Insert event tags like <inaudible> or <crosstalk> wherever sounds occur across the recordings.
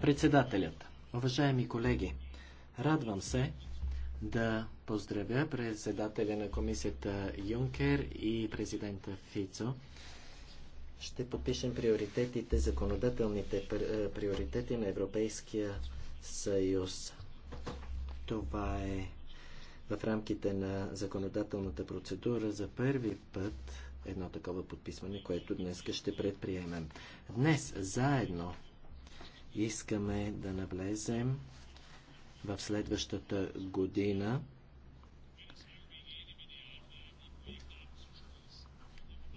Председателят, уважаеми колеги, радвам се да поздравя председателя на комисията Юнкер и президента Фицо. Ще подпишем приоритетите, законодателните е, приоритети на Европейския съюз. Това е в рамките на законодателната процедура за първи път едно такова подписване, което днес ще предприемем. Днес заедно искаме да навлезем в следващата година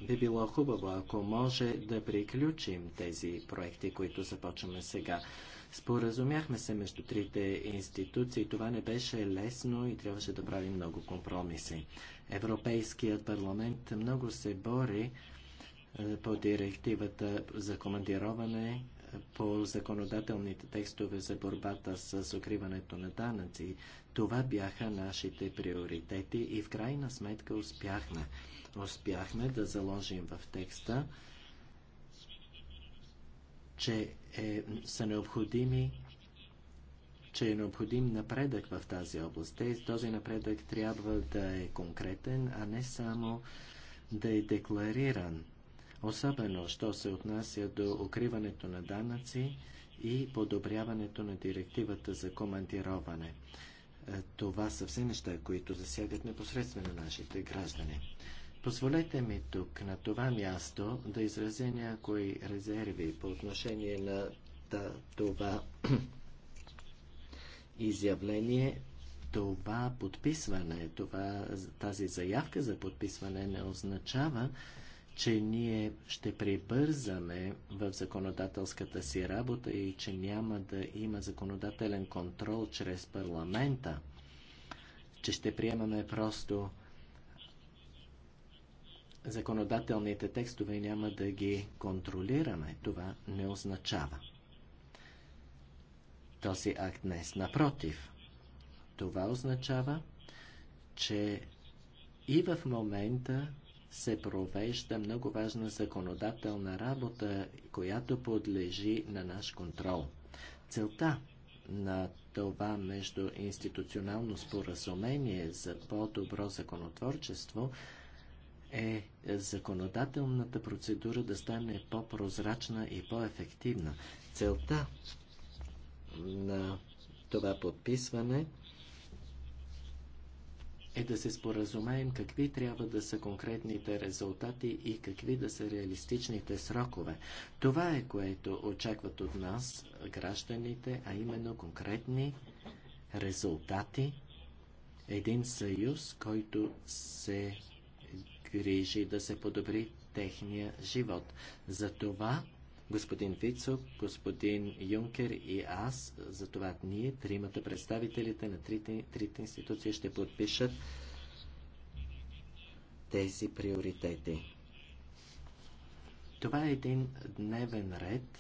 би било хубаво, ако може да приключим тези проекти, които започваме сега. Споразумяхме се между трите институции. Това не беше лесно и трябваше да правим много компромиси. Европейският парламент много се бори е, по директивата за командироване, е, по законодателните текстове за борбата с укриването на данъци. Това бяха нашите приоритети и в крайна сметка успяхме. Успяхме да заложим в текста че е, са необходими че е необходим напредък в тази област. Този напредък трябва да е конкретен, а не само да е деклариран. Особено, що се отнася до укриването на данъци и подобряването на директивата за командироване. Е, това са все неща, които засягат непосредствено нашите граждани. Позволете ми тук, на това място, да изразя някои резерви по отношение на това <clears throat> изявление, това подписване, това, тази заявка за подписване не означава, че ние ще прибързаме в законодателската си работа и че няма да има законодателен контрол чрез парламента, че ще приемаме просто законодателните текстове и няма да ги контролираме. Това не означава този акт днес. Е напротив, това означава, че и в момента се провежда много важна законодателна работа, която подлежи на наш контрол. Целта на това междуинституционално споразумение за по-добро законотворчество е законодателната процедура да стане по-прозрачна и по-ефективна. Целта на това подписване е да се споразумеем какви трябва да са конкретните резултати и какви да са реалистичните срокове. Това е което очакват от нас гражданите, а именно конкретни резултати, един съюз, който се грижи да се подобри техния живот. Затова господин Фицо, господин Юнкер и аз, затова ние, тримата представителите на трите, трите институции, ще подпишат тези приоритети. Това е един дневен ред,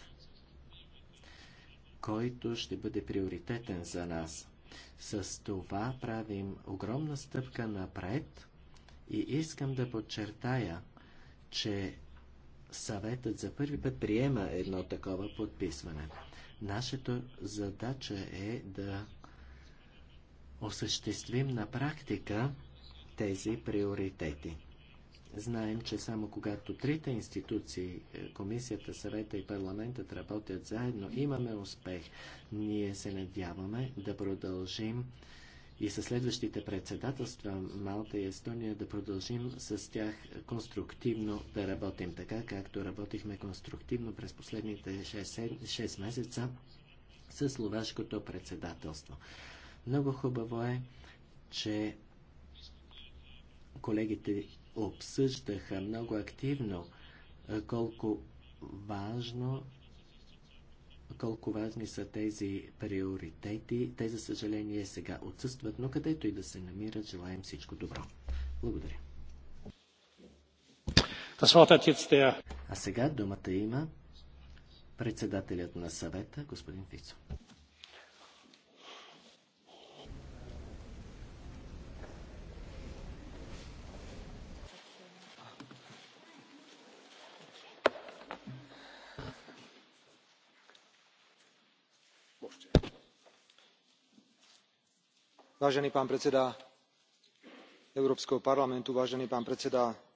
който ще бъде приоритетен за нас. С това правим огромна стъпка напред – и искам да подчертая, че съветът за първи път приема едно такова подписване. Нашата задача е да осъществим на практика тези приоритети. Знаем, че само когато трите институции, е, Комисията, Съвета и Парламентът работят заедно, имаме успех. Ние се надяваме да продължим и със следващите председателства Малта и Естония да продължим с тях конструктивно да работим, така както работихме конструктивно през последните 6, 6 месеца с словашкото председателство. Много хубаво е, че колегите обсъждаха много активно колко важно колко важни са тези приоритети. Те, за съжаление, сега отсъстват, но където и да се намират, желаем всичко добро. Благодаря. А сега думата има председателят на съвета, господин Фицо. vážený pán predseda európskeho parlamentu vážený pán predseda komisie vážené kolegyne predseda kolegovia